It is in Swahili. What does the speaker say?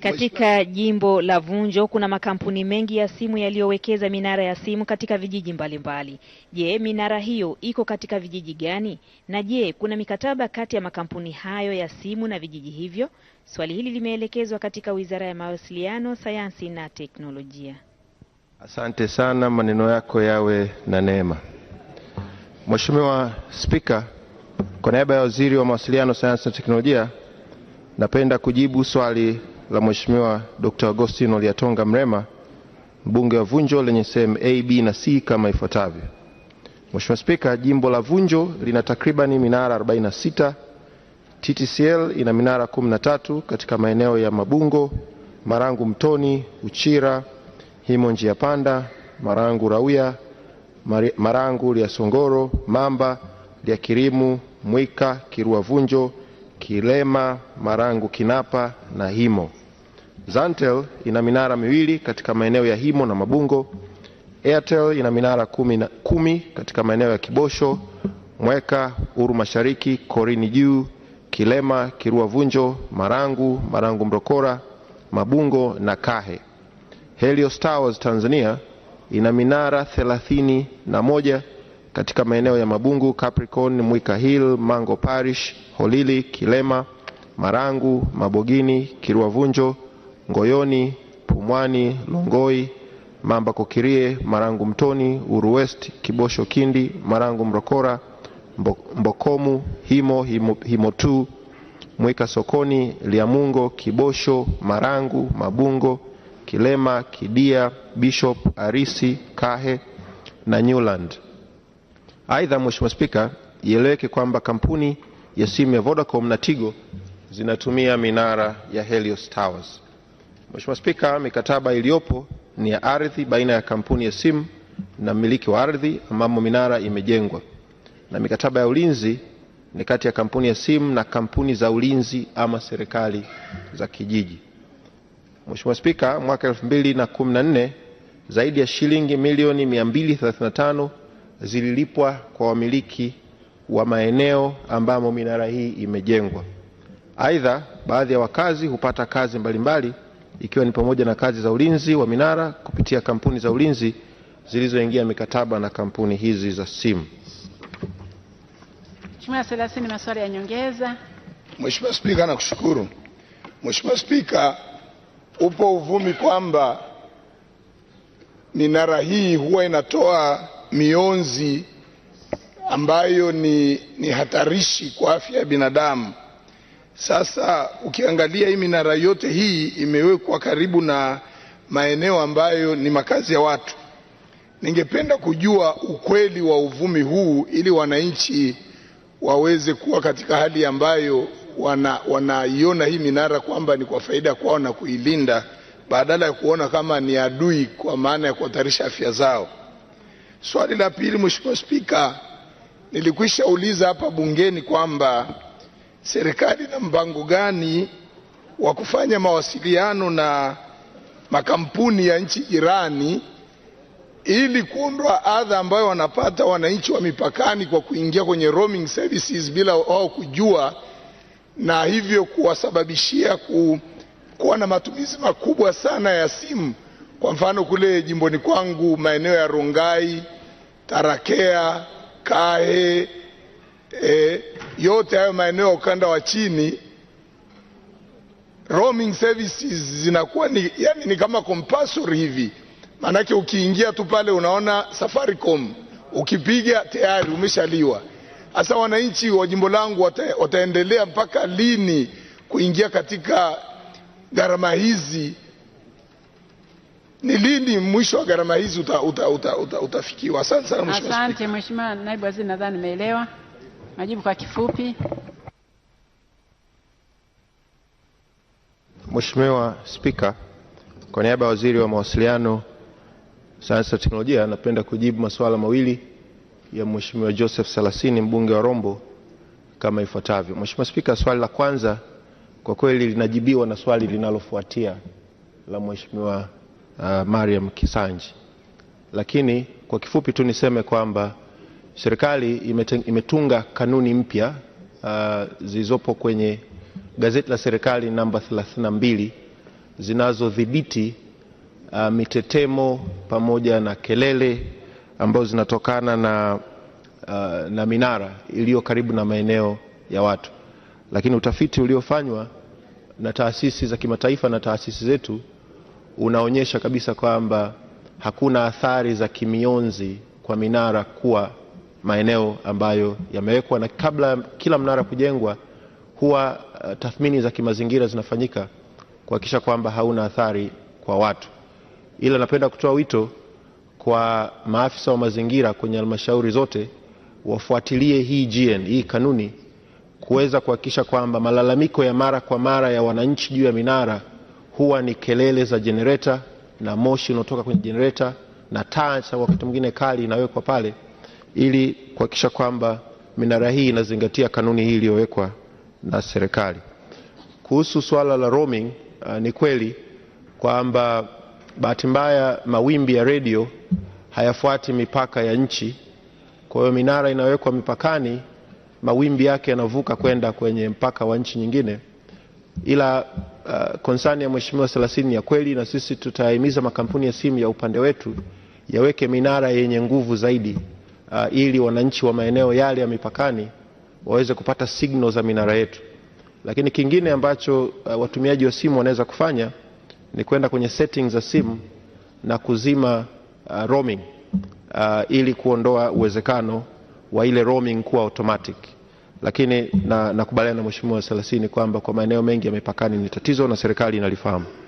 Katika jimbo la Vunjo kuna makampuni mengi ya simu yaliyowekeza minara ya simu katika vijiji mbalimbali. Je, minara hiyo iko katika vijiji gani? Na je, kuna mikataba kati ya makampuni hayo ya simu na vijiji hivyo? Swali hili limeelekezwa katika Wizara ya Mawasiliano, Sayansi na Teknolojia. Asante sana, maneno yako yawe na neema. Mheshimiwa Spika, kwa niaba ya Waziri wa Mawasiliano, Sayansi na Teknolojia Napenda kujibu swali la Mheshimiwa Dr. Agostino Liatonga Mrema, mbunge wa Vunjo, lenye sehemu A, B na C kama ifuatavyo. Mheshimiwa Spika, jimbo la Vunjo lina takribani minara 46. TTCL ina minara 13 katika maeneo ya Mabungo, Marangu Mtoni, Uchira, Himo njia panda, Marangu Rauya, Marangu Lya Songoro, Mamba, Lya Kirimu, Mwika, Kirua Vunjo Kilema, Marangu, Kinapa na Himo. Zantel ina minara miwili katika maeneo ya Himo na Mabungo. Airtel ina minara kumi, na, kumi katika maeneo ya Kibosho, Mweka, Uru Mashariki, Korini Juu, Kilema, Kirua Vunjo, Marangu, Marangu Mrokora, Mabungo na Kahe. Helios Towers Tanzania ina minara thelathini na moja katika maeneo ya Mabungu, Capricorn, Mwika Hill, Mango Parish, Holili, Kilema, Marangu, Mabogini, Kiruavunjo, Ngoyoni, Pumwani, Longoi, Mamba Kokirie, Marangu Mtoni, Uru West, Kibosho Kindi, Marangu Mrokora, Mbokomu, Himo, Himo, Himo tu Mwika Sokoni, Liamungo, Kibosho, Marangu, Mabungo, Kilema, Kidia, Bishop, Arisi, Kahe na Newland. Aidha, Mheshimiwa Spika, ieleweke kwamba kampuni ya simu ya Vodacom na Tigo zinatumia minara ya Helios Towers. Mheshimiwa Spika, mikataba iliyopo ni ya ardhi baina ya kampuni ya simu na mmiliki wa ardhi ambamo minara imejengwa, na mikataba ya ulinzi ni kati ya kampuni ya simu na kampuni za ulinzi ama serikali za kijiji. Mheshimiwa Spika, mwaka 2014 zaidi ya shilingi milioni 235 zililipwa kwa wamiliki wa maeneo ambamo minara hii imejengwa. Aidha, baadhi ya wakazi hupata kazi mbalimbali mbali, ikiwa ni pamoja na kazi za ulinzi wa minara kupitia kampuni za ulinzi zilizoingia mikataba na kampuni hizi za simu. Mheshimiwa Selasini, maswali ya nyongeza. Mheshimiwa Spika, nakushukuru. Mheshimiwa Spika, upo uvumi kwamba minara hii huwa inatoa mionzi ambayo ni, ni hatarishi kwa afya ya binadamu. Sasa ukiangalia hii minara yote hii imewekwa karibu na maeneo ambayo ni makazi ya watu. Ningependa kujua ukweli wa uvumi huu ili wananchi waweze kuwa katika hali ambayo wanaiona wana hii minara kwamba ni kwa faida kwao na kuilinda badala ya kuona kama ni adui kwa maana ya kuhatarisha afya zao. Swali la pili, Mheshimiwa Spika, nilikwisha uliza hapa bungeni kwamba serikali ina mpango gani wa kufanya mawasiliano na makampuni ya nchi jirani ili kuondoa adha ambayo wanapata wananchi wa mipakani kwa kuingia kwenye roaming services bila wao kujua, na hivyo kuwasababishia ku, kuwa na matumizi makubwa sana ya simu. Kwa mfano kule jimboni kwangu maeneo ya Rongai Tarakea, Kahe, e, yote hayo maeneo ya ukanda wa chini roaming services zinakuwa ni, yani ni kama compulsory hivi, maanake ukiingia tu pale unaona Safaricom, ukipiga tayari umeshaliwa. Sasa wananchi wa jimbo langu wata, wataendelea mpaka lini kuingia katika gharama hizi ni lini mwisho wa gharama hizi uta, uta, uta, uta, utafikiwa? Asante sana mheshimiwa. Asante mheshimiwa naibu waziri, nadhani nimeelewa majibu kwa kifupi. Mheshimiwa Spika, kwa niaba ya waziri wa mawasiliano, sayansi na teknolojia, napenda kujibu masuala mawili ya mheshimiwa Joseph Salasini, mbunge wa Rombo, kama ifuatavyo. Mheshimiwa Spika, swali la kwanza kwa kweli linajibiwa na swali linalofuatia la mheshimiwa uh, Mariam Kisanji. Lakini kwa kifupi tu niseme kwamba serikali imetunga kanuni mpya uh, zilizopo kwenye gazeti la serikali namba 32 zinazodhibiti uh, mitetemo pamoja na kelele ambazo zinatokana na, uh, na minara iliyo karibu na maeneo ya watu. Lakini utafiti uliofanywa na taasisi za kimataifa na taasisi zetu unaonyesha kabisa kwamba hakuna athari za kimionzi kwa minara kuwa maeneo ambayo yamewekwa, na kabla kila mnara kujengwa huwa uh, tathmini za kimazingira zinafanyika kuhakikisha kwamba hauna athari kwa watu. Ila napenda kutoa wito kwa maafisa wa mazingira kwenye halmashauri zote wafuatilie hii GN, hii kanuni kuweza kuhakikisha kwamba malalamiko ya mara kwa mara ya wananchi juu ya minara huwa ni kelele za jenereta na moshi unaotoka kwenye jenereta na taa wakati mwingine kali inawekwa pale ili kuhakikisha kwamba minara hii inazingatia kanuni hii iliyowekwa na serikali. Kuhusu swala la roaming, uh, ni kweli kwamba bahati mbaya mawimbi ya redio hayafuati mipaka ya nchi. Kwa hiyo minara inawekwa mipakani, mawimbi yake yanavuka kwenda kwenye mpaka wa nchi nyingine ila uh, konsani ya mheshimiwa thelathini ya kweli, na sisi tutahimiza makampuni ya simu ya upande wetu yaweke minara yenye nguvu zaidi uh, ili wananchi wa maeneo yale ya mipakani waweze kupata signal za minara yetu. Lakini kingine ambacho uh, watumiaji wa simu wanaweza kufanya ni kwenda kwenye settings za simu na kuzima uh, roaming uh, ili kuondoa uwezekano wa ile roaming kuwa automatic lakini nakubaliana na, na mheshimiwa Salasini kwamba kwa maeneo mengi ya mipakani ni tatizo na serikali inalifahamu.